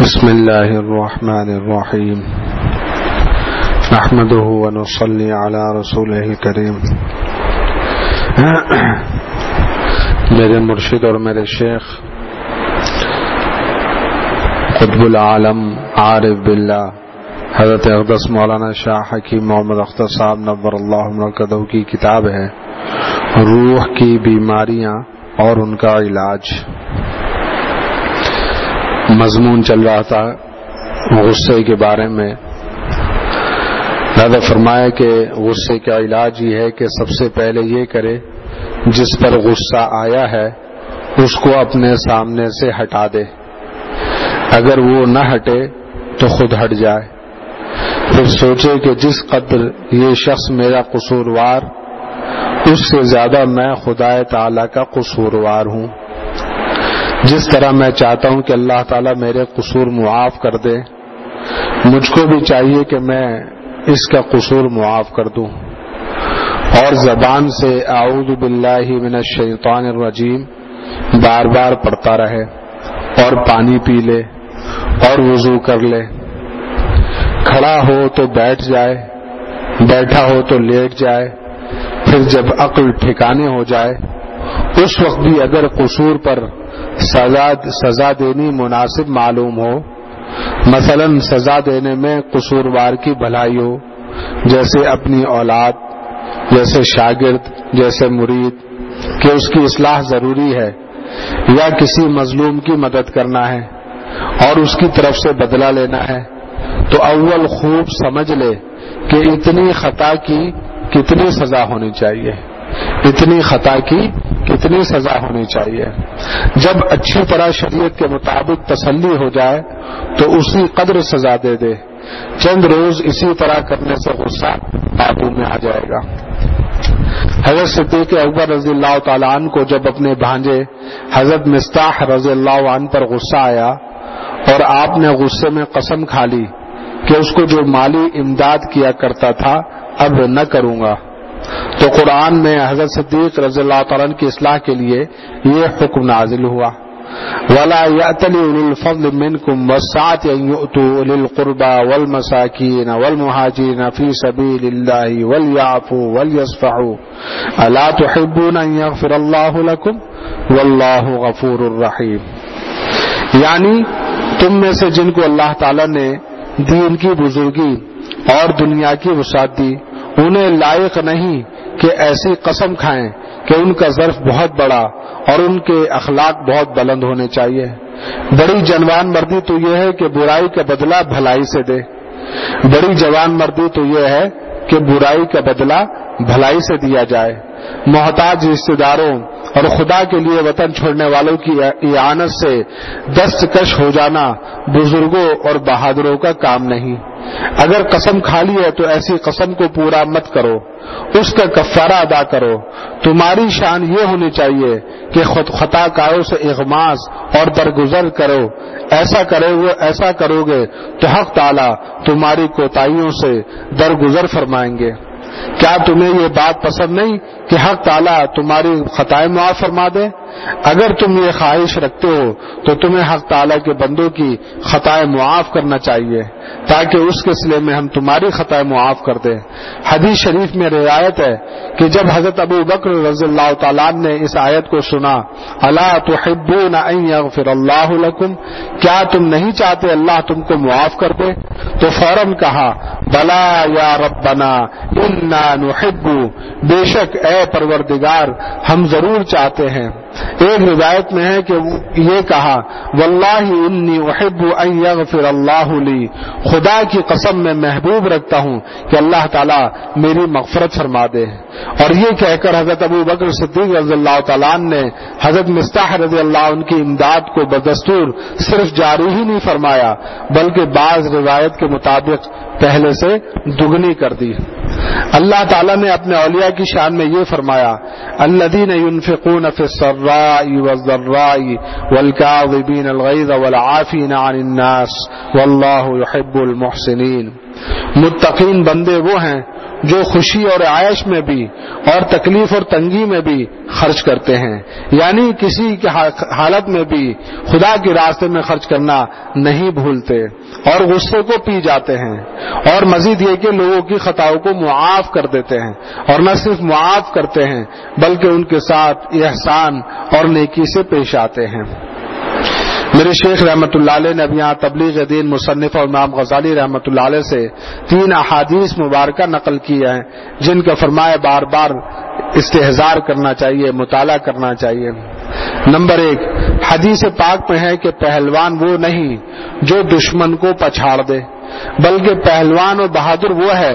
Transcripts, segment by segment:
بسم الله الرحمن الرحيم نحمده ونصلي على رسوله الكريم میرے مرشد اور میرے شیخ قطب العالم عارف باللہ حضرت اقدس مولانا شاہ حکیم محمد اختر صاحب نبر اللہ قدو کی کتاب ہے روح کی بیماریاں اور ان کا علاج مضمون چل رہا تھا غصے کے بارے میں دادا فرمایا کہ غصے کا علاج یہ ہے کہ سب سے پہلے یہ کرے جس پر غصہ آیا ہے اس کو اپنے سامنے سے ہٹا دے اگر وہ نہ ہٹے تو خود ہٹ جائے پھر سوچے کہ جس قدر یہ شخص میرا قصوروار اس سے زیادہ میں خدا تعالی کا قصوروار ہوں جس طرح میں چاہتا ہوں کہ اللہ تعالیٰ میرے قصور معاف کر دے مجھ کو بھی چاہیے کہ میں اس کا قصور معاف کر دوں اور زبان سے اعوذ باللہ من الشیطان الرجیم بار بار پڑھتا رہے اور پانی پی لے اور وضو کر لے کھڑا ہو تو بیٹھ جائے بیٹھا ہو تو لیٹ جائے پھر جب عقل ٹھکانے ہو جائے اس وقت بھی اگر قصور پر سزا سزا دینی مناسب معلوم ہو مثلا سزا دینے میں قصوروار کی بھلائی ہو جیسے اپنی اولاد جیسے شاگرد جیسے مرید کہ اس کی اصلاح ضروری ہے یا کسی مظلوم کی مدد کرنا ہے اور اس کی طرف سے بدلہ لینا ہے تو اول خوب سمجھ لے کہ اتنی خطا کی کتنی سزا ہونی چاہیے اتنی خطا کی اتنی سزا ہونی چاہیے جب اچھی طرح شریعت کے مطابق تسلی ہو جائے تو اسی قدر سزا دے دے چند روز اسی طرح کرنے سے غصہ قابو میں آ جائے گا حضرت صدیق اکبر رضی اللہ تعالیٰ عنہ کو جب اپنے بھانجے حضرت مستاح رضی اللہ عنہ پر غصہ آیا اور آپ نے غصے میں قسم کھا لی کہ اس کو جو مالی امداد کیا کرتا تھا اب نہ کروں گا تو قرآن میں حضرت صدیق رضی اللہ تعالیٰ کی اصلاح کے لیے یہ حکم نازل ہوا ولا الفضل للقربى تحبون والله غفور یعنی تم میں سے جن کو اللہ تعالی نے دین کی بزرگی اور دنیا کی وسعت دی انہیں لائق نہیں کہ ایسی قسم کھائیں کہ ان کا ظرف بہت بڑا اور ان کے اخلاق بہت بلند ہونے چاہیے بڑی جنوان مردی تو یہ ہے کہ برائی کا بدلہ بھلائی سے دے بڑی جوان مردی تو یہ ہے کہ برائی کا بدلہ بھلائی سے دیا جائے محتاج رشتے داروں اور خدا کے لیے وطن چھوڑنے والوں کی اعانت سے دستکش ہو جانا بزرگوں اور بہادروں کا کام نہیں اگر قسم خالی ہے تو ایسی قسم کو پورا مت کرو اس کا کفارہ ادا کرو تمہاری شان یہ ہونی چاہیے کہ خود خطا کاروں سے اغماس اور درگزر کرو ایسا کرو گے ایسا کرو گے تو حق تعالی تمہاری کوتاوں سے درگزر فرمائیں گے کیا تمہیں یہ بات پسند نہیں کہ حق تعالیٰ تمہاری خطائیں معاف فرما دے اگر تم یہ خواہش رکھتے ہو تو تمہیں حق تعالیٰ کے بندوں کی خطائیں معاف کرنا چاہیے تاکہ اس کے سلے میں ہم تمہاری خطائیں معاف کر دیں حدیث شریف میں رعایت ہے کہ جب حضرت ابو بکر رضی اللہ تعالیٰ نے اس آیت کو سنا اللہ تو حد نہ کیا تم نہیں چاہتے اللہ تم کو معاف کر دے تو فوراً کہا بلا یا ربنا انا نحب بے شک اے پروردگار ہم ضرور چاہتے ہیں ایک روایت میں ہے کہ یہ کہا واللہ انی احب ان یغفر اللہ لی خدا کی قسم میں محبوب رکھتا ہوں کہ اللہ تعالی میری مغفرت فرما دے اور یہ کہہ کر حضرت ابو بکر صدیق رضی اللہ تعالیٰ نے حضرت مستح رضی اللہ ان کی امداد کو بدستور صرف جاری ہی نہیں فرمایا بلکہ بعض روایت کے مطابق پہلے سے دگنی کر دی اللہ تعالیٰ نے اپنے اولیاء کی شان میں یہ فرمایا الذین ينفقون في السراء والذراء والکاظبین الغيظ والعافين عن الناس والله يحب المحسنين متقین بندے وہ ہیں جو خوشی اور عائش میں بھی اور تکلیف اور تنگی میں بھی خرچ کرتے ہیں یعنی کسی حالت میں بھی خدا کے راستے میں خرچ کرنا نہیں بھولتے اور غصے کو پی جاتے ہیں اور مزید یہ کہ لوگوں کی خطاؤں کو معاف کر دیتے ہیں اور نہ صرف معاف کرتے ہیں بلکہ ان کے ساتھ احسان اور نیکی سے پیش آتے ہیں میرے شیخ رحمت اللہ علیہ نے اب یہاں تبلیغ دین مصنف اور امام غزالی رحمۃ اللہ علیہ سے تین احادیث مبارکہ نقل کی ہیں جن کا فرمایا بار بار استحظار کرنا چاہیے مطالعہ کرنا چاہیے نمبر ایک حدیث پاک میں ہے کہ پہلوان وہ نہیں جو دشمن کو پچھاڑ دے بلکہ پہلوان اور بہادر وہ ہے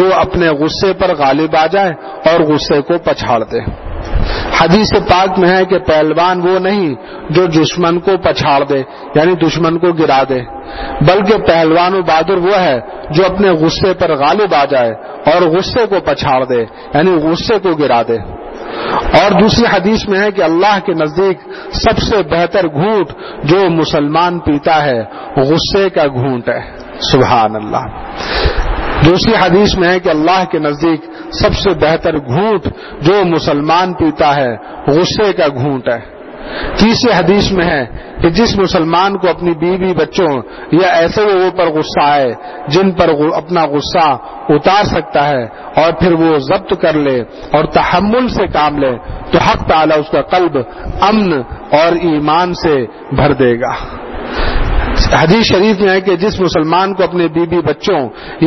جو اپنے غصے پر غالب آ جائے اور غصے کو پچھاڑ دے حدیث پاک میں ہے کہ پہلوان وہ نہیں جو دشمن کو پچھاڑ دے یعنی دشمن کو گرا دے بلکہ پہلوان و بہادر وہ ہے جو اپنے غصے پر غالب آ جائے اور غصے کو پچھاڑ دے یعنی غصے کو گرا دے اور دوسری حدیث میں ہے کہ اللہ کے نزدیک سب سے بہتر گھونٹ جو مسلمان پیتا ہے غصے کا گھونٹ ہے سبحان اللہ دوسری حدیث میں ہے کہ اللہ کے نزدیک سب سے بہتر گھونٹ جو مسلمان پیتا ہے غصے کا گھونٹ ہے تیسری حدیث میں ہے کہ جس مسلمان کو اپنی بیوی بچوں یا ایسے لوگوں پر غصہ آئے جن پر اپنا غصہ اتار سکتا ہے اور پھر وہ ضبط کر لے اور تحمل سے کام لے تو حق تعالی اس کا قلب امن اور ایمان سے بھر دے گا حدیث شریف میں ہے کہ جس مسلمان کو اپنے بیوی بی بچوں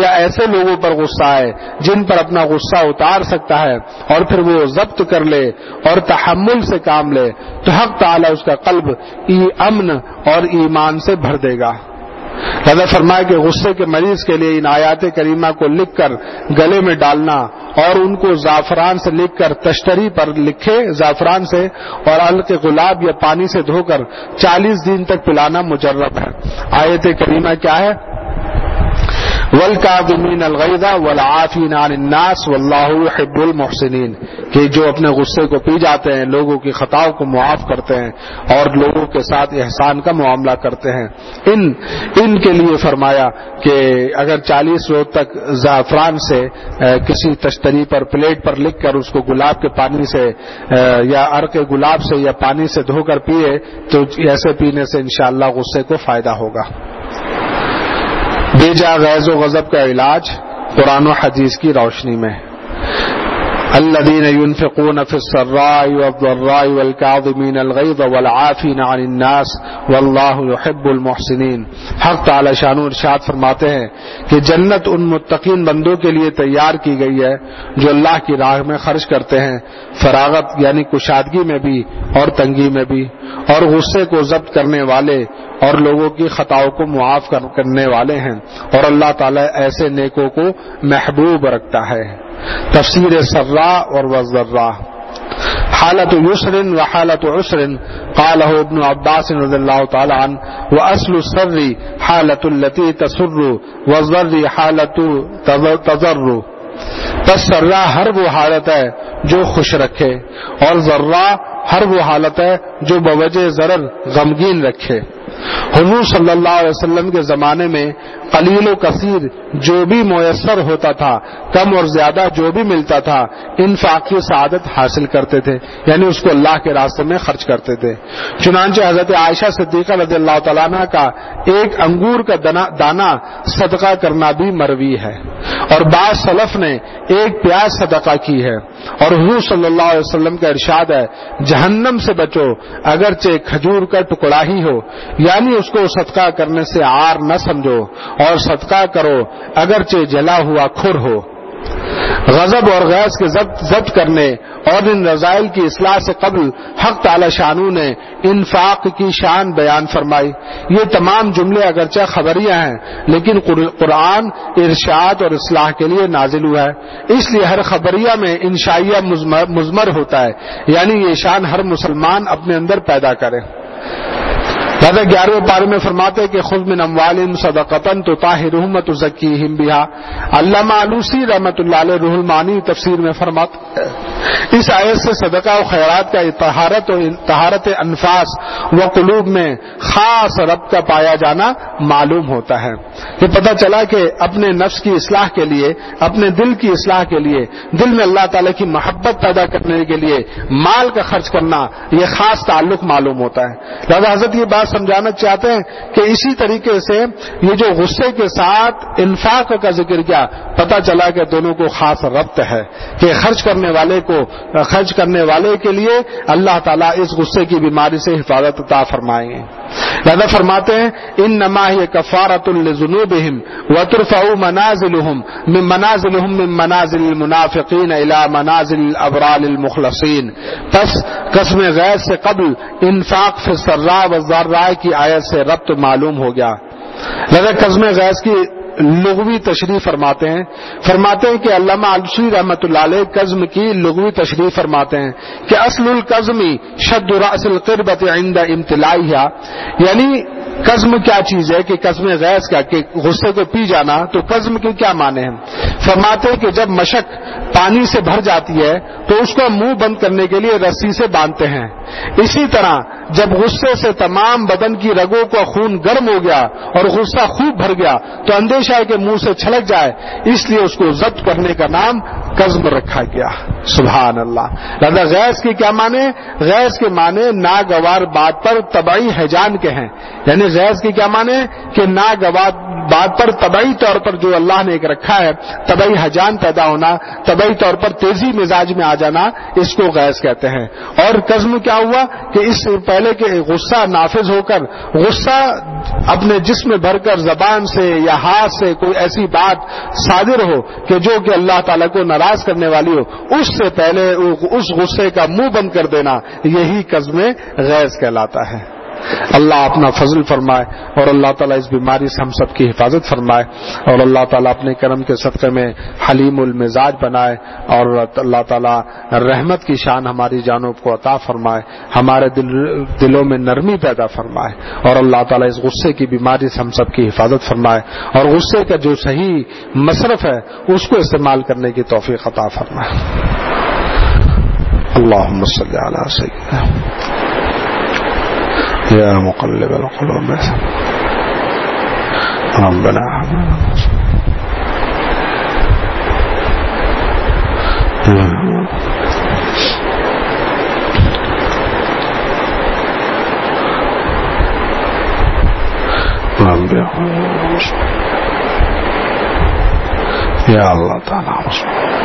یا ایسے لوگوں پر غصہ آئے جن پر اپنا غصہ اتار سکتا ہے اور پھر وہ ضبط کر لے اور تحمل سے کام لے تو حق تعالی اس کا قلب ای امن اور ایمان سے بھر دے گا فرمائے کہ غصے کے مریض کے لیے ان آیات کریمہ کو لکھ کر گلے میں ڈالنا اور ان کو زعفران سے لکھ کر تشتری پر لکھے زعفران سے اور الق گلاب یا پانی سے دھو کر چالیس دن تک پلانا مجرب ہے آیت کریمہ کیا ہے عن الناس واللہ حب المحسنین کہ جو اپنے غصے کو پی جاتے ہیں لوگوں کی خطاؤں کو معاف کرتے ہیں اور لوگوں کے ساتھ احسان کا معاملہ کرتے ہیں ان ان کے لیے فرمایا کہ اگر چالیس روز تک زعفران سے کسی تشتری پر پلیٹ پر لکھ کر اس کو گلاب کے پانی سے یا ار کے گلاب سے یا پانی سے دھو کر پیئے تو ایسے پینے سے انشاءاللہ غصے کو فائدہ ہوگا بیجا غیظ و غضب کا علاج قرآن و حدیث کی روشنی میں الذين ينفقون في السراء والضراء والكاظمين الغيظ والعافين عن الناس والله يحب المحسنين حق تعالی شانو ارشاد فرماتے ہیں کہ جنت ان متقین بندوں کے لیے تیار کی گئی ہے جو اللہ کی راہ میں خرچ کرتے ہیں فراغت یعنی کشادگی میں بھی اور تنگی میں بھی اور غصے کو ضبط کرنے والے اور لوگوں کی خطاؤں کو معاف کرنے والے ہیں اور اللہ تعالی ایسے نیکوں کو محبوب رکھتا ہے تفسیر سرا اور وزرا حالت یسر و حالت عسر ابن عباس رضی اللہ تعالی تعالیٰ حالت الطی تصر و پس سرا ہر وہ حالت ہے جو خوش رکھے اور ذرہ ہر وہ حالت ہے جو بوجہ ضرر غمگین رکھے حضور صلی اللہ علیہ وسلم کے زمانے میں قلیل و کثیر جو بھی میسر ہوتا تھا کم اور زیادہ جو بھی ملتا تھا انفاقی سعادت حاصل کرتے تھے یعنی اس کو اللہ کے راستے میں خرچ کرتے تھے چنانچہ حضرت عائشہ صدیقہ رضی اللہ تعالیٰ کا ایک انگور کا دانا صدقہ کرنا بھی مروی ہے اور بعض نے ایک پیاز صدقہ کی ہے اور حضور صلی اللہ علیہ وسلم کا ارشاد ہے جہنم سے بچو اگرچہ کھجور کا ٹکڑا ہی ہو یا یعنی اس کو صدقہ کرنے سے آر نہ سمجھو اور صدقہ کرو اگرچہ جلا ہوا کھر ہو غضب اور کے ضبط کرنے اور ان رضائل کی اصلاح سے قبل حق تعالی شانو نے انفاق کی شان بیان فرمائی یہ تمام جملے اگرچہ خبریاں ہیں لیکن قرآن ارشاد اور اصلاح کے لیے نازل ہوا ہے اس لیے ہر خبریہ میں انشائیہ مزمر ہوتا ہے یعنی یہ شان ہر مسلمان اپنے اندر پیدا کرے لا گیارہویں میں فرماتے کہ طاہر صدق رحمتی بیہا علامہ علوسی رحمت اللہ علیہ رح المانی تفسیر میں اس آیت سے صدقہ و خیرات کا تہارت انفاس و قلوب میں خاص رب کا پایا جانا معلوم ہوتا ہے یہ پتہ چلا کہ اپنے نفس کی اصلاح کے لیے اپنے دل کی اصلاح کے لیے دل میں اللہ تعالی کی محبت پیدا کرنے کے لیے مال کا خرچ کرنا یہ خاص تعلق معلوم ہوتا ہے لہٰذا حضرت یہ بات سمجھانا چاہتے ہیں کہ اسی طریقے سے یہ جو غصے کے ساتھ انفاق کا ذکر کیا پتا چلا کہ دونوں کو خاص ربط ہے کہ خرچ کرنے والے کو خرچ کرنے والے کے لیے اللہ تعالیٰ اس غصے کی بیماری سے حفاظت عطا فرمائیں دادا فرماتے ہیں ان نما یہ کفارت وطرف منازل منازل منازل منافقین الا منازل ابرال المخلصین پس قسم غیر سے قبل انفاق ذرا آئے کی آیت سے ربط معلوم ہو گیا لگا قزم غیض کی لغوی تشریف فرماتے ہیں فرماتے ہیں کہ علامہ الشی رحمت اللہ علیہ قزم کی لغوی تشریح فرماتے ہیں کہ اصل القزمی شد عند امتلائی یعنی قزم کیا چیز ہے کہ قزم کا کہ غصے کو پی جانا تو قزم کے کیا معنی ہیں فرماتے کہ جب مشک پانی سے بھر جاتی ہے تو اس کو منہ بند کرنے کے لیے رسی سے باندھتے ہیں اسی طرح جب غصے سے تمام بدن کی رگوں کا خون گرم ہو گیا اور غصہ خوب بھر گیا تو اندیشہ ہے کہ منہ سے چھلک جائے اس لیے اس کو ضبط کرنے کا نام قزم رکھا گیا سبحان اللہ گیس کی کیا معنی گیس کے معنی ناگوار بات پر تباہی حیجان کے ہیں یعنی زیز کی کیا مانے کہ ناگواد بات پر طبعی طور پر جو اللہ نے ایک رکھا ہے طبعی حجان پیدا ہونا طبعی طور پر تیزی مزاج میں آ جانا اس کو غیظ کہتے ہیں اور قزم کیا ہوا کہ اس سے پہلے کہ غصہ نافذ ہو کر غصہ اپنے جسم بھر کر زبان سے یا ہاتھ سے کوئی ایسی بات صادر ہو کہ جو کہ اللہ تعالیٰ کو ناراض کرنے والی ہو اس سے پہلے اس غصے کا منہ بند کر دینا یہی قزم غیظ کہلاتا ہے اللہ اپنا فضل فرمائے اور اللہ تعالیٰ اس بیماری سے ہم سب کی حفاظت فرمائے اور اللہ تعالیٰ اپنے کرم کے صدقے میں حلیم المزاج بنائے اور اللہ تعالیٰ رحمت کی شان ہماری جانو کو عطا فرمائے ہمارے دل دلوں میں نرمی پیدا فرمائے اور اللہ تعالیٰ اس غصے کی بیماری سے ہم سب کی حفاظت فرمائے اور غصے کا جو صحیح مصرف ہے اس کو استعمال کرنے کی توفیق عطا فرمائے اللہ يا مقلب القلوب ربنا ربي يا الله تعالى رسول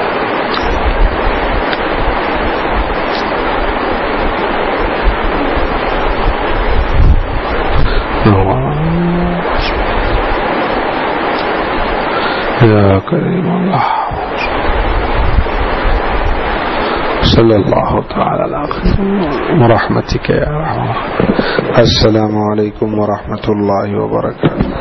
يا كريم الله صلى الله تعالى على ورحمتك يا رحمة السلام عليكم ورحمة الله وبركاته